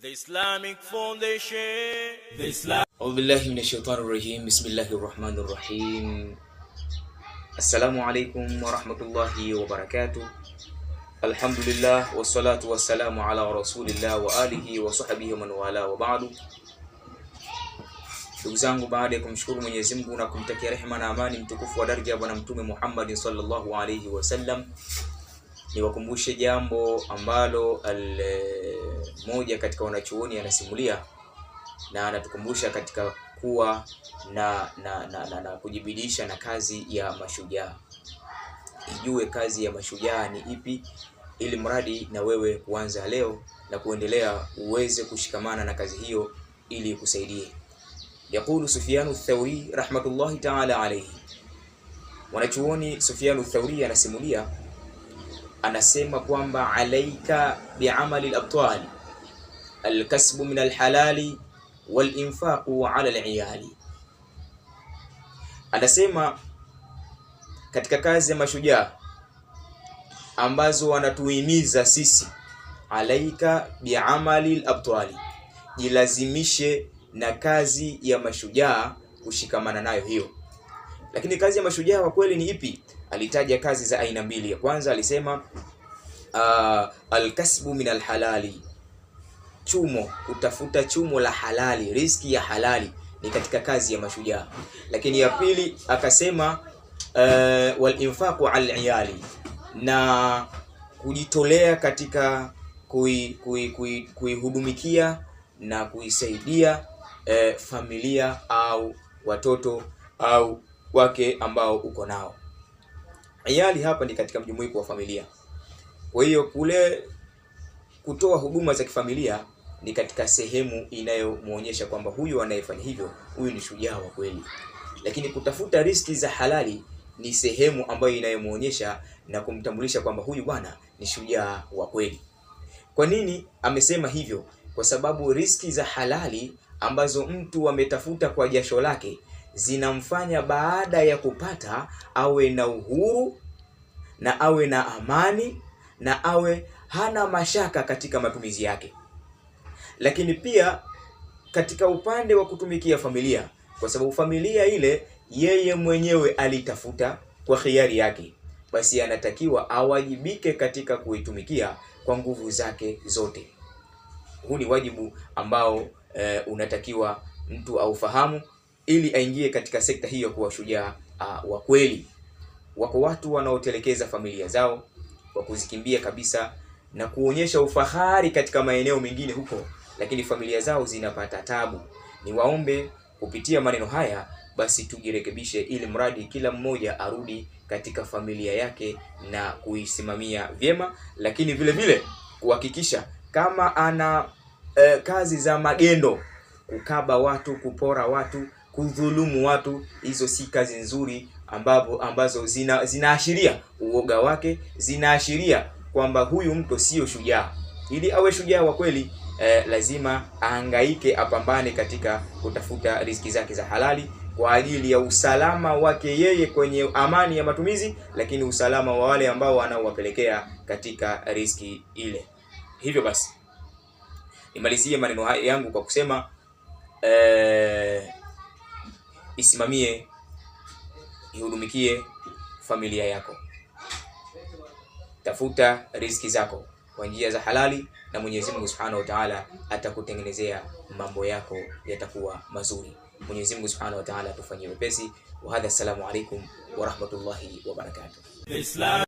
The Islamic Foundation. The Islam. Bismillahir Rahmanir Rahim. Assalamu alaikum wa rahmatullahi wa barakatuh. Alhamdulillah wa salatu wa salamu ala rasulillah wa alihi wa sahbihi man wala wa ba'du. Ndugu zangu, baada ya kumshukuru Mwenyezi Mungu na kumtakia rehema na amani mtukufu wa daraja Bwana Mtume Muhammad sallallahu alaihi wasallam niwakumbushe jambo ambalo al moja katika wanachuoni anasimulia na anatukumbusha katika kuwa na na, na, na, na kujibidisha na kazi ya mashujaa. Ijue kazi ya mashujaa ni ipi, ili mradi na wewe kuanza leo na kuendelea uweze kushikamana na kazi hiyo ili kusaidie. Yaqulu Sufyanu Thauri rahmatullahi ta'ala alayhi, mwanachuoni Sufyanu Thauri anasimulia anasema kwamba alaika biamali labtali alkasbu min alhalali walinfaqu ala aliyali. Anasema katika kazi ya mashujaa ambazo wanatuhimiza sisi, alaika biamali labtali, jilazimishe na kazi ya mashujaa kushikamana nayo hiyo. Lakini kazi ya mashujaa kwa kweli ni ipi? alitaja kazi za aina mbili. Ya kwanza alisema uh, alkasbu min alhalali, chumo, kutafuta chumo la halali, riski ya halali ni katika kazi ya mashujaa. Lakini ya pili akasema uh, walinfaqu aliyali na kujitolea katika kuihudumikia kui, kui, kui na kuisaidia uh, familia au watoto au wake ambao uko nao. Iyali hapa ni katika mjumuiko wa familia. Kwa hiyo kule kutoa huduma za kifamilia ni katika sehemu inayomuonyesha kwamba huyu anayefanya hivyo, huyu ni shujaa wa kweli. Lakini kutafuta riski za halali ni sehemu ambayo inayomuonyesha na kumtambulisha kwamba huyu bwana ni shujaa wa kweli. Kwa nini amesema hivyo? Kwa sababu riski za halali ambazo mtu ametafuta kwa jasho lake zinamfanya baada ya kupata awe na uhuru na awe na amani na awe hana mashaka katika matumizi yake. Lakini pia katika upande wa kutumikia familia, kwa sababu familia ile yeye mwenyewe alitafuta kwa hiari yake, basi anatakiwa awajibike katika kuitumikia kwa nguvu zake zote. Huu ni wajibu ambao e, unatakiwa mtu aufahamu ili aingie katika sekta hiyo kuwa shujaa ah, wa kweli wako watu wanaotelekeza familia zao kwa kuzikimbia kabisa na kuonyesha ufahari katika maeneo mengine huko, lakini familia zao zinapata tabu. Ni waombe kupitia maneno haya basi tujirekebishe, ili mradi kila mmoja arudi katika familia yake na kuisimamia vyema, lakini vile vile kuhakikisha kama ana e, kazi za magendo, kukaba watu, kupora watu, kudhulumu watu, hizo si kazi nzuri ambapo ambazo zina zinaashiria uoga wake, zinaashiria kwamba huyu mtu sio shujaa. Ili awe shujaa wa kweli eh, lazima ahangaike, apambane katika kutafuta riziki zake za halali kwa ajili ya usalama wake yeye kwenye amani ya matumizi, lakini usalama wa wale ambao wanaowapelekea katika riski ile. Hivyo basi nimalizie maneno yangu kwa kusema eh, isimamie ihudumikie familia yako. Tafuta riziki zako kwa njia za halali, na Mwenyezi Mungu Subhanahu wa Ta'ala atakutengenezea mambo yako yatakuwa mazuri. Mwenyezi Mungu Subhanahu wa Ta'ala atufanyie wepesi. Wa hadha, assalamu alaikum wa rahmatullahi wa barakatuh.